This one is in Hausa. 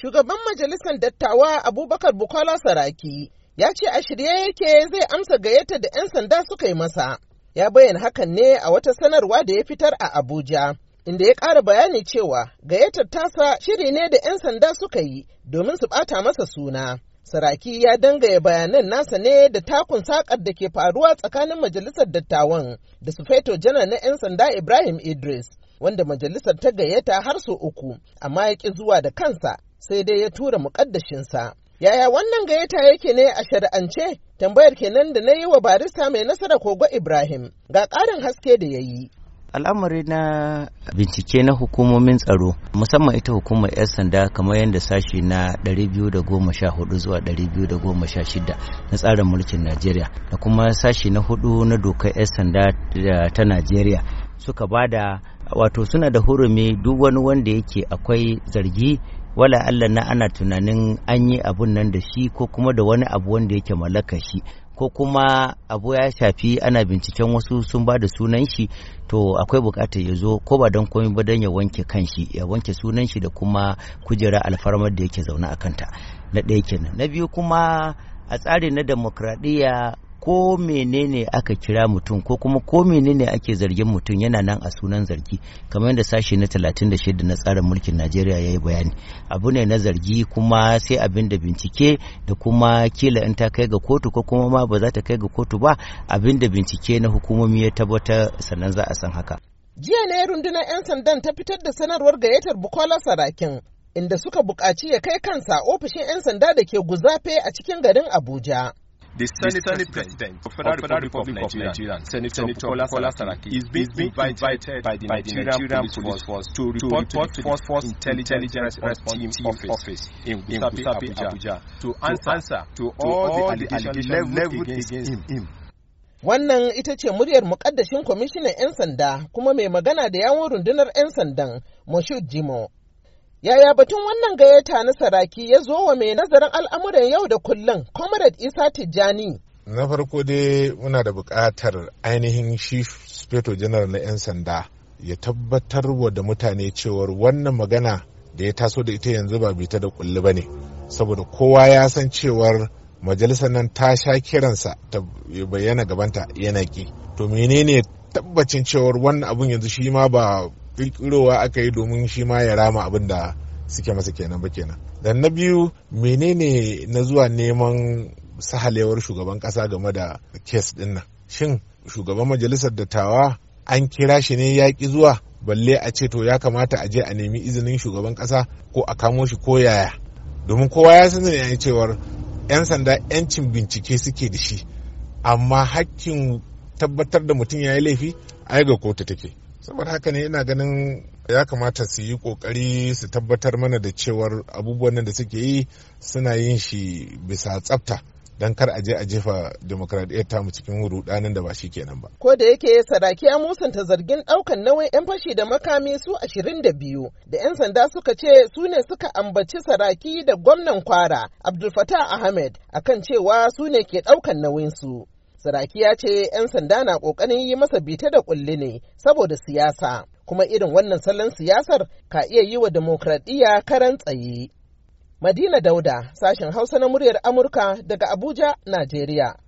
Shugaban majalisar dattawa Abubakar Bukola Saraki ya ce a shirye yake zai amsa gayyata da 'yan sanda suka yi masa. Ya bayyana hakan ne a wata sanarwa da ya fitar a Abuja. inda ya ƙara bayani cewa gayyatar tasa shiri ne da 'yan sanda suka yi domin su ɓata masa suna. Saraki ya dangaya bayanan nasa ne da takun sakar da ke faruwa tsakanin majalisar dattawan da su feto jana na 'yan sanda Ibrahim Idris, wanda majalisar ta gayyata har su uku, amma ya ƙi zuwa da kansa sai dai ya tura muƙaddashinsa. Yaya wannan gayyata yake ne a shari'ance? Tambayar kenan da na yi wa barista mai nasara kogo Ibrahim ga ƙarin haske da ya yi. al'amari na bincike na hukumomin tsaro musamman ita hukumar 'yan sanda kamar yadda sashi na 214 zuwa 216 na tsarin mulkin najeriya da kuma sashi na hudu na dokar 'yan sanda ta najeriya suka bada wato suna da hurumi duk wani wanda yake akwai zargi wala Allah na ana tunanin an yi abun nan da shi ko kuma da wani abu wanda yake mallaka shi ko kuma abu ya shafi ana binciken wasu sun ba da sunan shi to akwai bukatar ya zo ko ba don komai ba don ya wanke kanshi ya wanke sunan shi da kuma kujera alfarmar da yake zaune a kanta na ɗaya kenan na biyu kuma a tsarin na demokradiyya ko menene aka kira mutum ko kuma ko menene ake zargin mutum yana nan a sunan zargi kamar yadda sashi na 36 na tsarin mulkin Najeriya ya yi bayani abu ne na zargi kuma sai abin da bincike da kuma kila in ta kai ga kotu ko kuma ma ba za ta kai ga kotu ba abin da bincike na hukumomi ya tabbatar sannan za a san haka jiya ne rundunar 'yan sandan ta fitar da sanarwar gayyatar bukola sarakin inda suka bukaci ya kai kansa ofishin 'yan sanda da ke guzafe a cikin garin abuja the Senate, the Senate President of Federal, Republic, Republic of Nigeria, Nigeria Senator, Senator Bukola Saraki, is being, is being invited invited by the Nigerian, Nigerian Police Police Force to report to, report to the Force Force Intelligence, Response Team office, office in Gusapi, Abuja, Abuja to answer, answer to all, the allegations leveled, against, against him. him. Wannan ita ce muryar muƙaddashin kwamishinan 'yan sanda kuma mai magana da yawon rundunar 'yan sandan Moshood Jimo Yaya batun wannan gayyata na saraki ya zo wa mai nazarin al'amuran yau da kullum, Comrade Isa Tijjani. Na farko dai muna da buƙatar ainihin Chief Speto General na 'yan sanda ya tabbatar wa da mutane cewar wannan magana da ya taso da ita yanzu ba bita da kulli ba ne. Saboda kowa ya san cewar majalisar nan ta sha kiransa ta bayyana gabanta yana ki. To menene tabbacin cewar wannan abun yanzu shi ma ba kirkirowa aka yi domin shi ma ya rama abin da suke masa kenan ba kenan dan na biyu menene na zuwa neman sahalewar shugaban ƙasa game da kes din nan shin shugaban majalisar dattawa an kira shi ne ya ki zuwa balle a ce to ya kamata a je a nemi izinin shugaban ƙasa ko a kamo shi ko yaya domin kowa ya sani ne cewar 'yan sanda 'yancin bincike suke da shi amma hakkin tabbatar da mutum ya yi laifi ai ga kotu take saboda haka ne ina ganin ya kamata su yi kokari su tabbatar mana da cewar abubuwan da suke yi suna yin shi bisa tsafta don kar a je a jefa demokradiyyar tamu cikin rudanin da ba shi kenan ba. Ko da yake saraki ya musanta zargin daukan nauyin 'yan fashi da makami su 22 da 'yan sanda suka ce su ne suka ambaci saraki da gwamnan kwara Abdul Fattah Ahmed akan cewa su ne ke daukan nauyin su. Saraki ya ce 'yan sanda na ƙoƙarin yi masa bita da ƙulli ne saboda siyasa, kuma irin wannan salon siyasar ka iya yi wa demokradiyya karan tsaye. Madina Dauda, sashen Hausa na muryar Amurka daga Abuja, Najeriya.